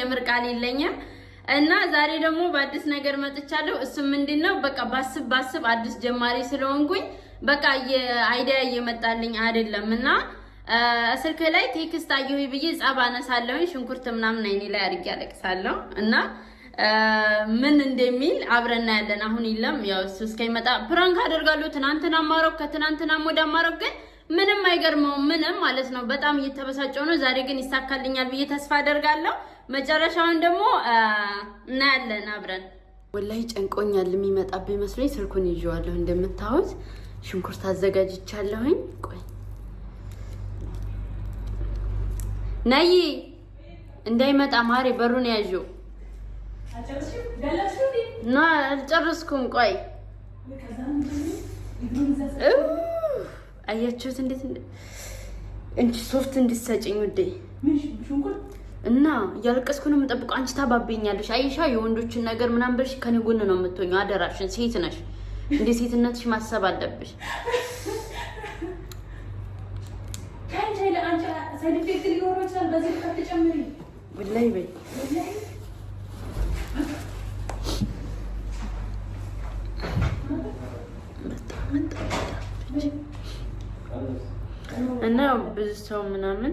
የምር ቃል የለኝም። እና ዛሬ ደግሞ በአዲስ ነገር መጥቻለሁ። እሱም ምንድን ነው በቃ ባስብ ባስብ አዲስ ጀማሪ ስለሆንኩኝ በቃ የአይዲያ እየመጣልኝ አይደለም እና ስልክ ላይ ቴክስት አየሁ ብዬ ጸብ አነሳለሁኝ ሽንኩርት ምናምን አይኔ ላይ አድርጌ አለቅሳለሁ እና ምን እንደሚል አብረና ያለን አሁን የለም ያው እሱ እስከሚመጣ ፕራንክ አደርጋለሁ። ትናንትና አማረው ከትናንትና ወደ አማረው ግን ምንም አይገርመውም ምንም ማለት ነው። በጣም እየተበሳጨው ነው። ዛሬ ግን ይሳካልኛል ብዬ ተስፋ አደርጋለሁ። መጨረሻውን ደግሞ እናያለን አብረን። ወላይ ጨንቆኛል። የሚመጣብኝ መስሎኝ ስልኩን ይዤዋለሁ። እንደምታዩት ሽንኩርት አዘጋጅቻለሁኝ። ቆይ ነይ እንዳይመጣ ማሪ በሩን ያዥ። ና አልጨርስኩም። ቆይ አያችሁት እንዴት እንጂ ሶፍት እንዲሰጭኝ ውዴ እና እያለቀስኩ ነው የምጠብቀው። አንቺ ታባብኛለሽ። አይሻ የወንዶችን ነገር ምናምን ብለሽ ከኔ ጎን ነው የምትሆኝ። አደራሽን፣ ሴት ነሽ። እንደ ሴትነትሽ ማሰብ አለብሽ። እና ብዙ ሰው ምናምን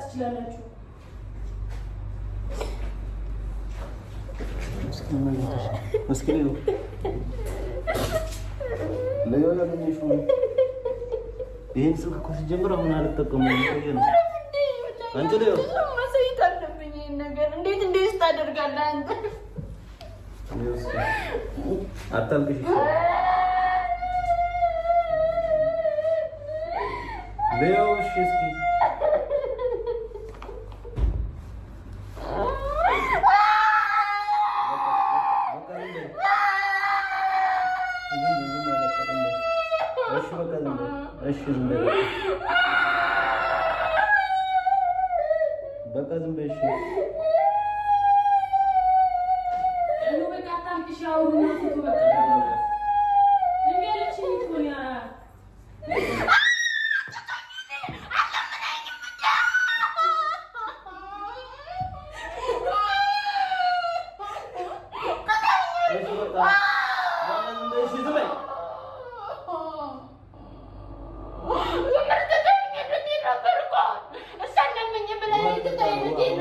Masih itu? Masih Leo yang ini Ini suhu khusus jenggot aku naik tak kamu. Aku udah ngerti. Ancol Masih itu nemenin agar nanti jadi standar karena. Ayo, oke. Atal di sini. Leo sih. ዝም በይ በቃ ዝም በይ እሺ። በቃ